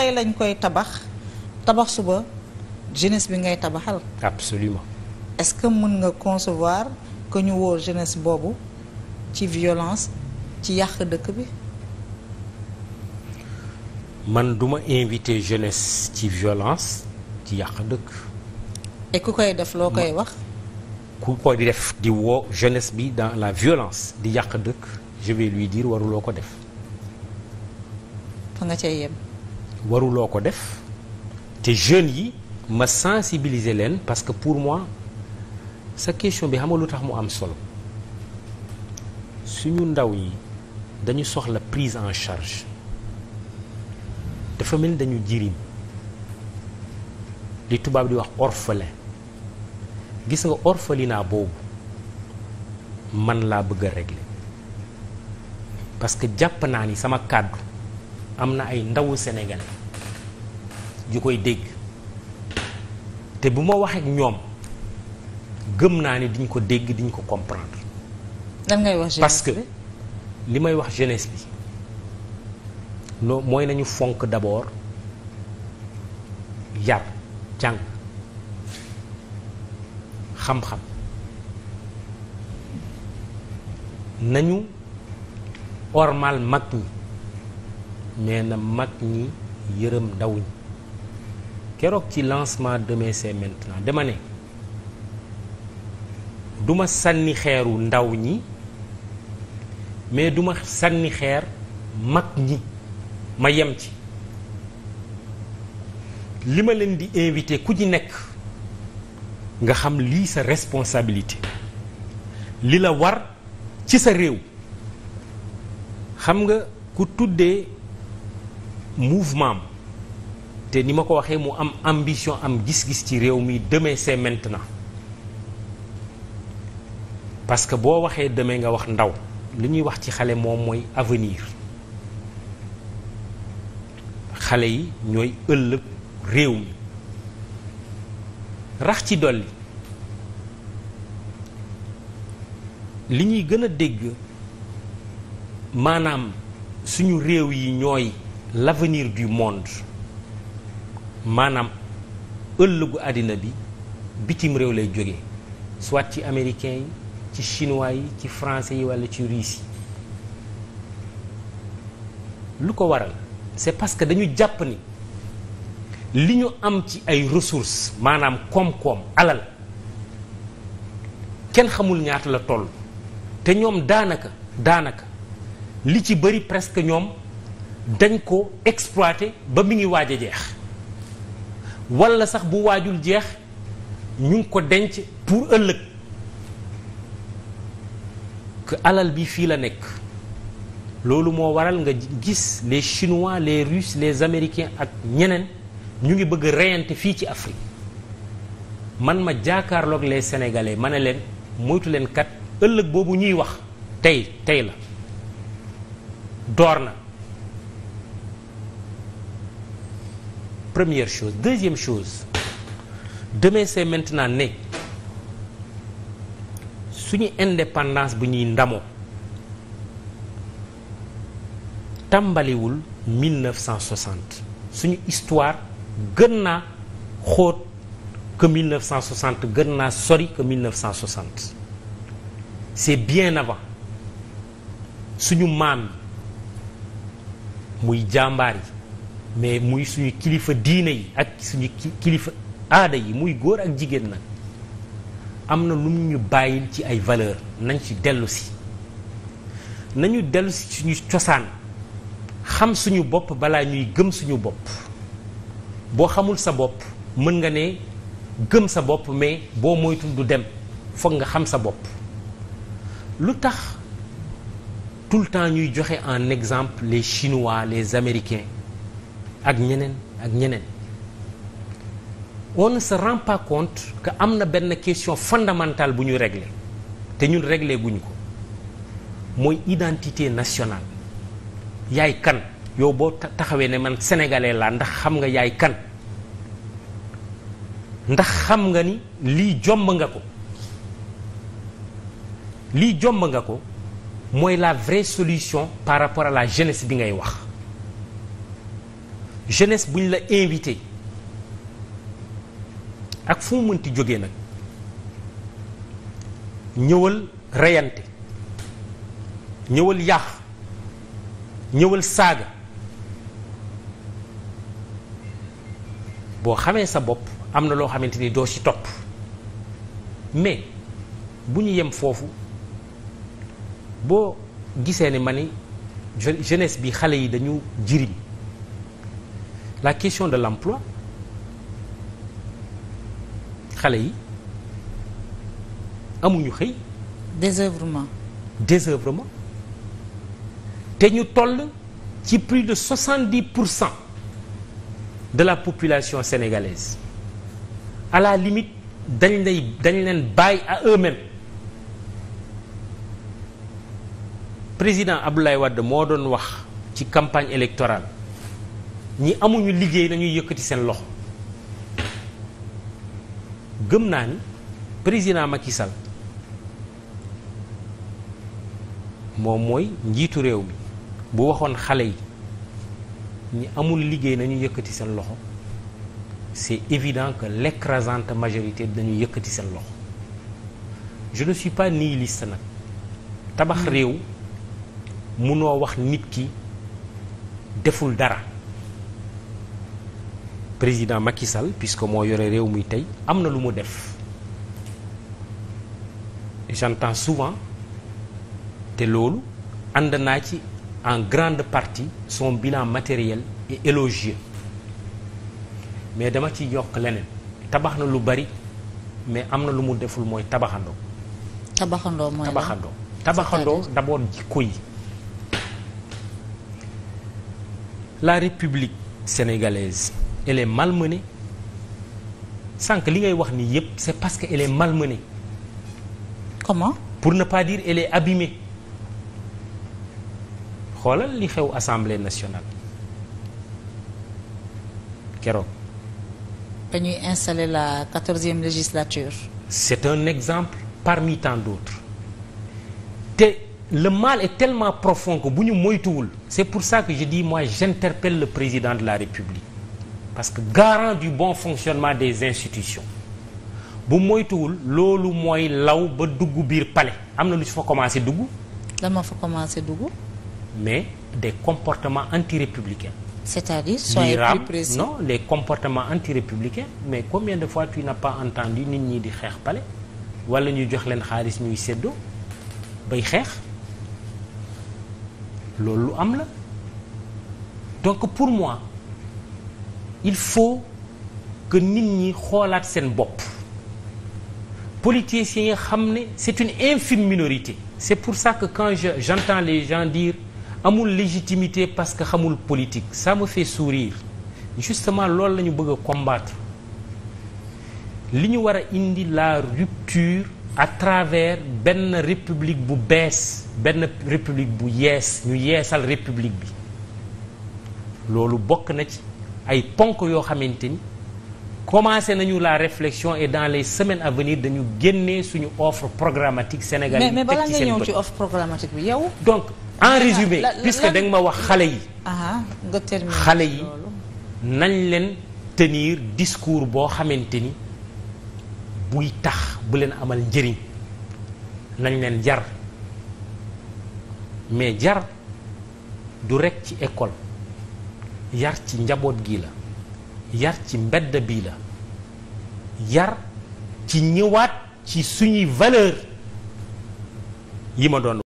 tey lañ koy tabax tabax suba jeunesse bi ngay tabaxal. absolument est-ce que mën nga concevoir que ñu woo jeunesse boobu ci violence ci yàq dëkk bi. man duma invité jeunesse ci violence ci yàq dëkk. te ku koy def loo koy wax. ku koy def di woo jeunesse bi dans la violence di yàq dëkk je vais lui dire waruloo ko def. fa nga cay yem. waruloo ko def te jeunes yi ma sensibiliser leen parce que pour moi sa question bi xam nga lu tax mu am solo suñu ndaw yi dañu soxla prise en charge dafa mel dañu jirim li tubaab di wax orphelin gis nga orphelinat boobu man laa bëgg a régler parce que jàpp naa ni sama kàddu am na ay ndawu Sénégal yu koy dégg te bu ma waxee ak ñoom gëm naa ne diñ ko dégg diñ ko comprendre. lan ngay wax parce que li may wax jeunesse bi loo mooy nañu fonk d'abord yar jàng xam-xam nañu ormal mag ñi. nee na mag ñi yërëm ndaw ñi keroog ci lancement Demain c'est maintenant dema ne duma sànni xeeru ndaw ñi mais duma sànni xeer mag ñi ma yem ci li ma leen di invité ku ci nekk nga xam lii sa responsabilité li la war ci sa réew xam nga ku tuddee mouvement am te ni ma ko waxee mu am ambition am gis-gis ci réew mi demain c'est maintenant parce que boo waxee demain nga wax ndaw li ñuy wax ci xale moom mooy avenir xale yi ñooy ëllëg réew mi rax ci dolli li ñuy gën a dégg maanaam suñu réew yi ñooy l'avenir du monde maanaam ëllëgu àddina bi bitim réew lay jóge soit ci américain yi ci chinois yi ci français yi walla ci russe yi lu ko waral c'est parce que dañu jàpp ni li ñu am ci ay ressource maanaam koom-koom alal kenn xamul ñaata la toll te ñoom daanaka daanaka li ci bëri presque ñoom dañ ko exploité ba mu ngi waaj a jeex wala sax bu waajul jeex ñu ngi ko denc pour ëllëg que alal bi fii la nekk loolu moo waral nga gis les chinois les russes les américains ak ñeneen ñu ngi bëgg reyante fii ci Afrique man ma jaakaarloog les sénégalais ma ne leen moytu leen kat ëllëg boobu ñuy wax tey tey la door na première chose deuxième chose demain c'est maintenant ne suñu indépendance bu ñuy ndamo tàmbaliwul 1960 suñu histoire gën naa xóot que 1960 gën naa sori que 1960 c'est bien avant suñu maam muy jàmbaar yi mais muy suñu kilifa diine yi ak suñu kilifa aada yi muy góor ak jigéen nag am na lu ñu bàyyil ci ay valeur nañ ci dellu si nañu dellu si suñu cosaan xam suñu bopp balaa ñuy gëm suñu bopp boo xamul sa bopp mën nga ne gëm sa bopp mais boo moytul du dem foog nga xam sa bopp lu tax tout le temps ñuy joxe en exemple les chinois les américains ak ñeneen ak ñeneen on sa se rend pas am na benn question fondamentale bu ñu régler te ñun régler guñ ko mooy identité nationale yaay kan yow boo taxawee ne man sénégalais laa ndax xam nga yaay kan ndax xam nga ni lii jomb nga ko lii jomb nga ko mooy la vraie solution par rapport à la jeunesse bi ngay wax jeunesse bu ñu la invité ak fu mu mënti jóge nag ñëwal reyante ñëwal yàq ñëwal saaga boo xamee sa bopp am na loo xamante ni doo ci topp mais bu ñu yem foofu boo gisee ne ma ni jeunesse bi xale yi dañu jiriñ la question de l'emploi xale yi amuñu xëy. désœuvrement. désœuvrement te ñu toll ci plus de 70 pour cent de la population sénégalaise à la limite dañ lay dañ leen bàyyi à eux-mêmes président Abdoulaye Wade moo doon wax ci campagne électorale. ñi amuñu liggéey nañuy yëkkati seen loxo gëm naa ni président Macky Sall moom mooy njiitu réew mi bu waxoon xale yi ñi amul liggéey nañu yëkkati seen loxo c'est évident que l'écrasante majorité dañu yëkkati seen loxo je ne suis pas nihiliste nag tabax réew munoo wax nit ki deful dara président Macky Sall puisque moo yore réew mi tey am na lu mu def j'entends souvent te loolu ànd naa ci en grande partie son bilan matériel est élogieux mais dama ci yokk leneen tabax na lu bari mais am na lu mu deful mooy tabaxandoo. tabaxandoo mooy tabaxandoo tabaxandoo d'abord jikko yi la république sénégalaise elle est malmenée sànq li ngay wax nii yépp c'est parce que elle est malmenée. comment. pour ne pas dire elle est abîmée xoolal li xew assemblée nationale keroog. dañuy installer la quatorzième législature. c'est un exemple parmi tant d'autres te le mal est tellement profond que bu ñu moytuwul. c'est pour ça que je dis moi j'interpelle le président de la République. parce que garant du bon fonctionnement des institutions bu moytuwul loolu mooy law ba dugg biir pale am na lu ci fa commencé dugg. dama fa commencé dugg. mais des comportement anti-républicains. c'est-à-dire soyez plus précis non les comportements mais combien de fois tu n'as pas entendu nit ñi di xeex pale walla ñuy jox leen xaalis ñuy séddoo bay xeex loolu lu am la donc pour moi. il faut que nit ñi xoolaat seen bopp politiciens yi xam ne c'est une infime minorité c'est pour ça que quand je j'entends les gens amul légitimité parce que xamul politique ça me fait sourire justement loolu lañu bëgg a combattre li ñu war a indi la rupture à travers benn république bu bees benn république bu yees ñu yeesal république bi loolu bokk na ci ay ponk yoo xamante ni commencé nañu la réflexion et dans les semaines à venir dañu génnee suñu offre programmatique sénégal mais mais balaa nga ñëw ci bi yow. donc en résumé puisque da nga ma wax xale yi. nga terminer xale yi nañ leen tenir discours boo xamante ni buy tax bu leen amal njëriñ nañ leen jar mais jar du rekk ci école. yar ci njaboot gi la yar ci mbedd bi la yar ci ñëwaat ci suñuy valeur yi ma doon